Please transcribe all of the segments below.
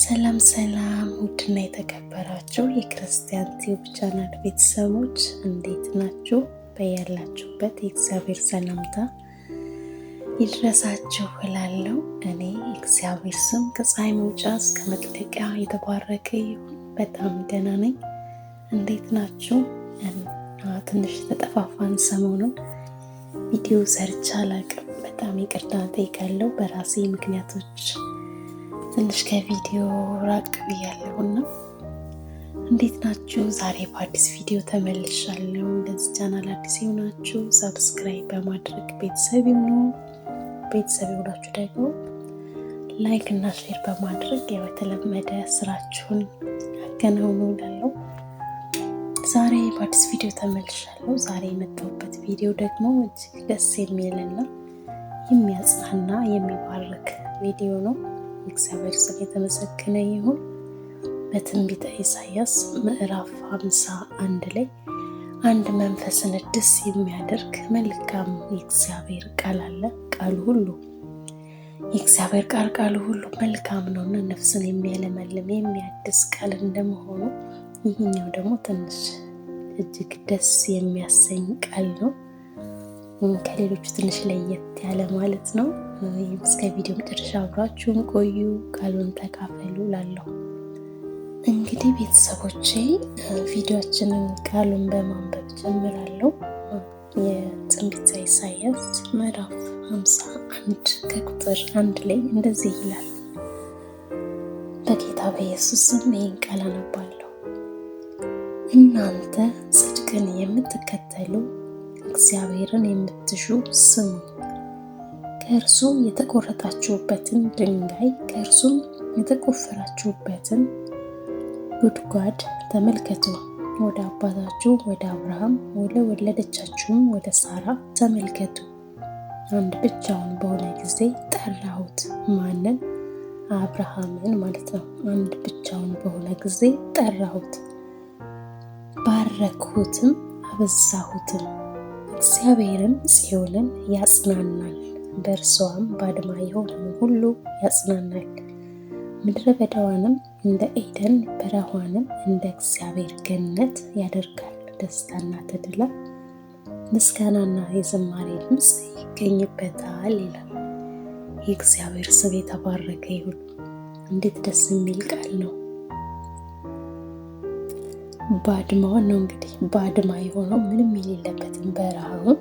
ሰላም ሰላም፣ ውድና የተከበራችሁ የክርስቲያን ቲዩብ ቻናል ቤተሰቦች እንዴት ናችሁ? በያላችሁበት የእግዚአብሔር ሰላምታ ይድረሳችሁ እላለሁ። እኔ እግዚአብሔር ስም ከፀሐይ መውጫ እስከ መጥለቂያ የተባረከ ይሁን። በጣም ደህና ነኝ። እንዴት ናችሁ? ትንሽ ተጠፋፋን። ሰሞኑን ቪዲዮ ሰርቻ አላቅም። በጣም ይቅርታ ጠይቃለሁ በራሴ ምክንያቶች ትንሽ ከቪዲዮ ራቅ ብያለሁ እንዴት ናችሁ? ዛሬ በአዲስ ቪዲዮ ተመልሻለሁ። ለዚህ ቻናል አዲስ የሆናችሁ ሰብስክራይብ በማድረግ ቤተሰብ ይሁኑ። ቤተሰብ ይሁናችሁ ደግሞ ላይክ እና ሼር በማድረግ ያው የተለመደ ስራችሁን አከናውኑ። እላለሁ። ዛሬ በአዲስ ቪዲዮ ተመልሻለሁ። ዛሬ የመጣሁበት ቪዲዮ ደግሞ እጅግ ደስ የሚልና የሚያጽናና የሚባርክ ቪዲዮ ነው። እግዚአብሔር ስም የተመሰገነ ይሁን። በትንቢተ ኢሳያስ ምዕራፍ ሃምሳ አንድ ላይ አንድ መንፈስን ደስ የሚያደርግ መልካም የእግዚአብሔር ቃል አለ። ቃሉ ሁሉ የእግዚአብሔር ቃል ቃሉ ሁሉ መልካም ነውና ነፍስን የሚያለመልም የሚያድስ ቃል እንደመሆኑ ይህኛው ደግሞ ትንሽ እጅግ ደስ የሚያሰኝ ቃል ነው። ከሌሎቹ ትንሽ ለየት ያለ ማለት ነው። እስከ ቪዲዮ መጨረሻ አብራችሁን ቆዩ፣ ቃሉን ተካፈሉ ላለሁ እንግዲህ ቤተሰቦቼ ቪዲዮችንን ቃሉን በማንበብ ጀምራለሁ። የትንቢተ ኢሳያስ ምዕራፍ አንድ ከቁጥር አንድ ላይ እንደዚህ ይላል። በጌታ በኢየሱስም ይህን ቃል አነባለሁ። እናንተ ጽድቅን የምትከተሉ እግዚአብሔርን የምትሹ ስሙ፣ ከእርሱ የተቆረጣችሁበትን ድንጋይ ከእርሱም የተቆፈራችሁበትን ጉድጓድ ተመልከቱ። ወደ አባታችሁ ወደ አብርሃም ወደ ወለደቻችሁም ወደ ሳራ ተመልከቱ። አንድ ብቻውን በሆነ ጊዜ ጠራሁት። ማንን? አብርሃምን ማለት ነው። አንድ ብቻውን በሆነ ጊዜ ጠራሁት፣ ባረክሁትም፣ አበዛሁትም እግዚአብሔርም ጽዮንን ያጽናናል፣ በእርሷም ባድማ የሆነ ሁሉ ያጽናናል። ምድረ በዳዋንም እንደ ኤደን በረሃዋንም እንደ እግዚአብሔር ገነት ያደርጋል። ደስታና ተድላ ምስጋናና የዝማሬ ድምፅ ይገኝበታል ይላል። የእግዚአብሔር ስም የተባረከ ይሁን። እንዴት ደስ የሚል ቃል ነው! ባድማዋን ነው እንግዲህ ባድማ የሆነው ምንም የሌለበትን በረሃውን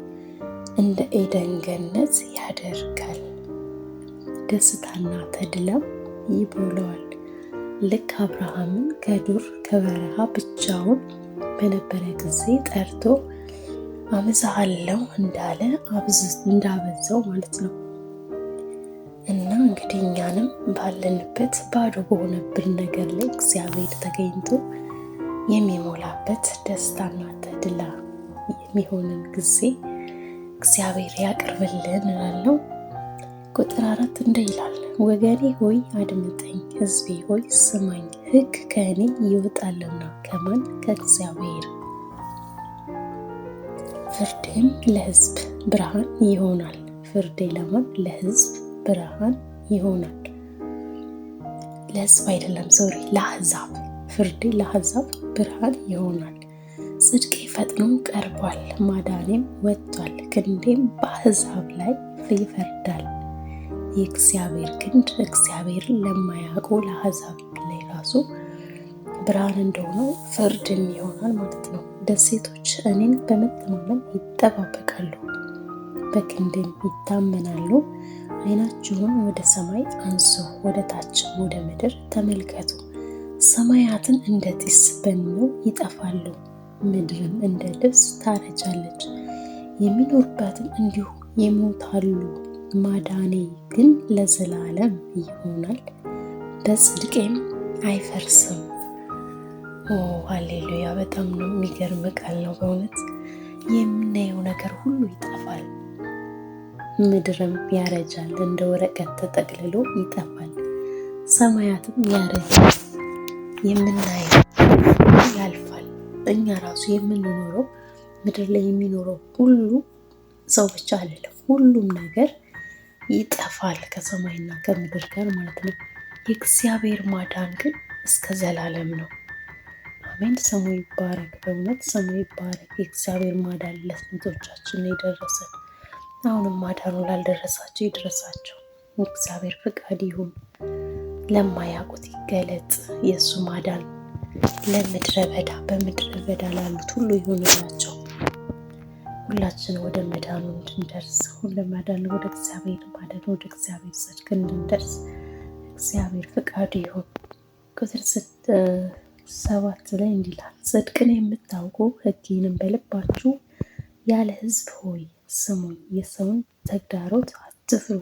እንደ ኤደን ገነት ያደርጋል። ደስታና ተድላም ይቦለዋል። ልክ አብርሃምን ከዱር ከበረሃ ብቻውን በነበረ ጊዜ ጠርቶ አበዛሃለሁ እንዳለ እንዳበዛው ማለት ነው። እና እንግዲህ እኛንም ባለንበት ባዶ በሆነብን ነገር ላይ እግዚአብሔር ተገኝቶ የሚሞላበት ደስታና ተድላ የሚሆንን ጊዜ እግዚአብሔር ያቅርብልን እላለሁ። ቁጥር አራት እንደ ይላል ወገኔ ሆይ አድምጠኝ፣ ሕዝቤ ሆይ ስማኝ። ሕግ ከእኔ ይወጣልና ከማን ከእግዚአብሔር። ፍርድህም ለሕዝብ ብርሃን ይሆናል። ፍርዴ ለማን ለሕዝብ ብርሃን ይሆናል። ለሕዝብ አይደለም ሶሪ፣ ለአሕዛብ ፍርዴ ለአሕዛብ ብርሃን ይሆናል። ጽድቄ ፈጥኖ ቀርቧል፣ ማዳኔም ወጥቷል፣ ክንዴም በአሕዛብ ላይ ይፈርዳል። የእግዚአብሔር ክንድ እግዚአብሔርን ለማያውቁ ለአሕዛብ ላይ ራሱ ብርሃን እንደሆነ ፍርድም ይሆናል ማለት ነው። ደሴቶች እኔን በመተማመን ይጠባበቃሉ፣ በክንድም ይታመናሉ። አይናችሁን ወደ ሰማይ አንሶ ወደ ታች ወደ ምድር ተመልከቱ። ሰማያትን እንደ ጢስ በንነው ይጠፋሉ፣ ምድርም እንደ ልብስ ታረጃለች። የሚኖርባትም እንዲሁ ይሞታሉ። ማዳኔ ግን ለዘላለም ይሆናል፣ በጽድቄም አይፈርስም። ሃሌሉያ! በጣም ነው የሚገርም ቃል ነው በእውነት የምናየው ነገር ሁሉ ይጠፋል፣ ምድርም ያረጃል፣ እንደ ወረቀት ተጠቅልሎ ይጠፋል፣ ሰማያትም ያረጃል። የምናየው ያልፋል። እኛ ራሱ የምንኖረው ምድር ላይ የሚኖረው ሁሉ ሰው ብቻ አይደለም፣ ሁሉም ነገር ይጠፋል ከሰማይና ከምድር ጋር ማለት ነው። የእግዚአብሔር ማዳን ግን እስከ ዘላለም ነው። አሜን። ስሙ ይባረክ፣ በእውነት ስሙ ይባረክ። የእግዚአብሔር ማዳን ለስንቶቻችን የደረሰ አሁንም ማዳኑ ላልደረሳቸው ይድረሳቸው። የእግዚአብሔር ፍቃድ ይሁን። ለማያውቁት ይገለጥ የእሱ ማዳን ለምድረ በዳ በምድረ በዳ ላሉት ሁሉ ናቸው ሁላችን ወደ መዳኑ እንድንደርስ ሁለ መዳን ወደ እግዚአብሔር ማዳን ወደ እግዚአብሔር ጽድቅ እንድንደርስ እግዚአብሔር ፍቃዱ ይሁን። ቁጥር ሰባት ላይ እንዲላል ጽድቅን የምታውቁ ሕጌንም በልባችሁ ያለ ሕዝብ ሆይ ስሙኝ፣ የሰውን ተግዳሮት አትፍሩ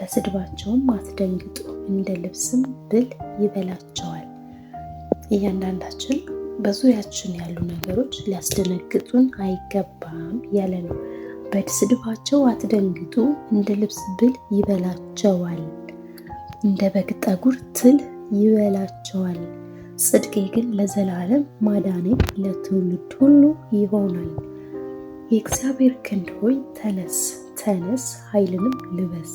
በስድባቸውም አትደንግጡ፣ እንደ ልብስም ብል ይበላቸዋል። እያንዳንዳችን በዙሪያችን ያሉ ነገሮች ሊያስደነግጡን አይገባም ያለ ነው። በስድባቸው አትደንግጡ፣ እንደ ልብስ ብል ይበላቸዋል፣ እንደ በግ ጠጉር ትል ይበላቸዋል። ጽድቄ ግን ለዘላለም ማዳኔ ለትውልድ ሁሉ ይሆናል። የእግዚአብሔር ክንድ ሆይ ተነስ፣ ተነስ ኃይልንም ልበስ።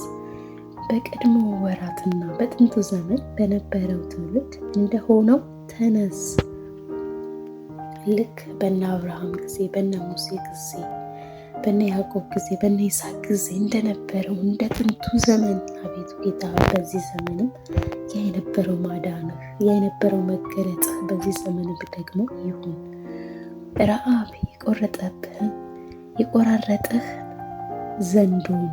በቀድሞ ወራትና በጥንቱ ዘመን በነበረው ትውልድ እንደሆነው ተነስ። ልክ በነ አብርሃም ጊዜ፣ በነ ሙሴ ጊዜ፣ በነ ያዕቆብ ጊዜ፣ በነ ይስሐቅ ጊዜ እንደነበረው እንደ ጥንቱ ዘመን አቤቱ ጌታ በዚህ ዘመንም ያ የነበረው ማዳንህ ያ የነበረው መገለጥ በዚህ ዘመንም ደግሞ ይሁን። ረአብ የቆረጠብህን የቆራረጠህ ዘንዶን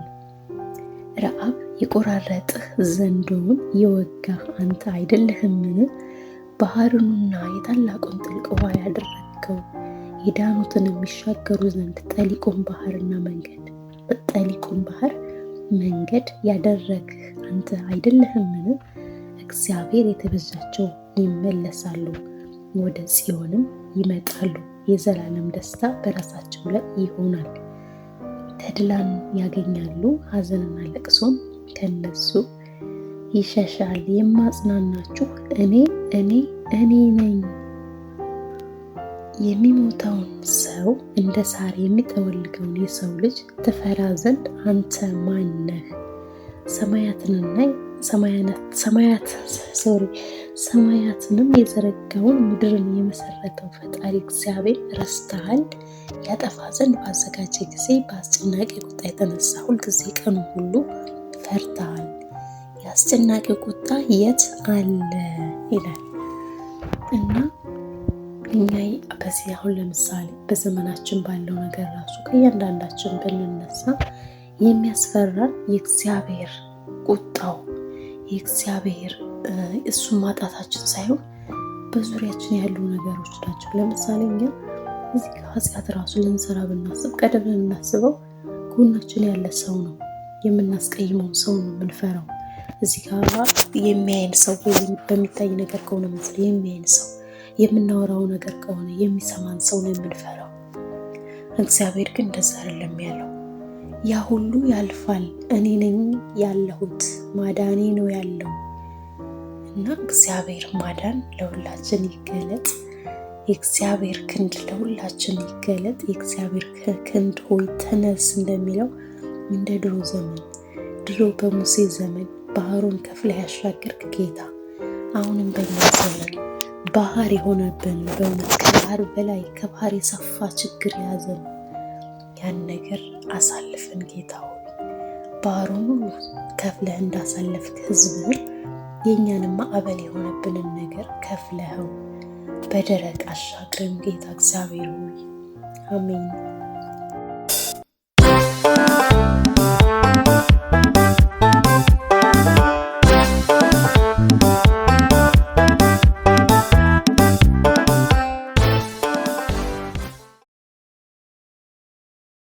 ረአብ የቆራረጥህ ዘንዶውን የወጋህ አንተ አይደለህምን? ባህሩንና የታላቁን ጥልቅ ውሃ ያደረግከው የዳኑትን የሚሻገሩ ዘንድ ጠሊቁን ባህርና መንገድ በጠሊቁን ባህር መንገድ ያደረግህ አንተ አይደለህምን? እግዚአብሔር የተበዛቸው ይመለሳሉ፣ ወደ ጽዮንም ይመጣሉ። የዘላለም ደስታ በራሳቸው ላይ ይሆናል። ተድላን ያገኛሉ፣ ሐዘንና ለቅሶም ከነሱ ይሸሻል። የማጽናናችሁ እኔ እኔ እኔ ነኝ። የሚሞተውን ሰው እንደ ሳር የሚጠወልገውን የሰው ልጅ ትፈራ ዘንድ አንተ ማን ነህ? ሰማያትንና ሰማያትንም የዘረጋውን ምድርን የመሰረተው ፈጣሪ እግዚአብሔር ረስተሃል። ያጠፋ ዘንድ ባዘጋጀ ጊዜ በአስጨናቂ ቁጣ የተነሳ ሁልጊዜ ቀኑ ሁሉ ፈርተሃል። የአስጨናቂ ቁጣ የት አለ ይላል እና እኛ በዚህ አሁን ለምሳሌ በዘመናችን ባለው ነገር ራሱ ከእያንዳንዳችን ብንነሳ የሚያስፈራን የእግዚአብሔር ቁጣው የእግዚአብሔር እሱን ማጣታችን ሳይሆን በዙሪያችን ያሉ ነገሮች ናቸው። ለምሳሌ እኛ እዚህ ኃጢአት ራሱ ልንሰራ ብናስብ ቀደም ልናስበው ጎናችን ያለ ሰው ነው የምናስቀይመውን ሰው ነው የምንፈራው። እዚህ ጋር የሚያይን ሰው በሚታይ ነገር ከሆነ ምስል የሚያይን ሰው የምናወራው ነገር ከሆነ የሚሰማን ሰው ነው የምንፈራው። እግዚአብሔር ግን እንደዛ አይደለም ያለው። ያ ሁሉ ያልፋል፣ እኔ ነኝ ያለሁት፣ ማዳኔ ነው ያለው እና እግዚአብሔር ማዳን ለሁላችን ይገለጥ። የእግዚአብሔር ክንድ ለሁላችን ይገለጥ። የእግዚአብሔር ክንድ ሆይ ተነስ እንደሚለው እንደ ድሮ ዘመን ድሮ በሙሴ ዘመን ባህሩን ከፍለህ ያሻገርክ ጌታ አሁንም በኛ ዘመን ባህር የሆነብን በእውነት ከባህር በላይ ከባህር የሰፋ ችግር የያዘን ያን ነገር አሳልፈን ጌታ ሆይ ባህሩን ሁሉ ከፍለህ እንዳሳለፍክ ሕዝብህን የእኛንም ማዕበል የሆነብንን ነገር ከፍለኸው በደረቅ አሻግረን ጌታ እግዚአብሔር ሆይ አሜን።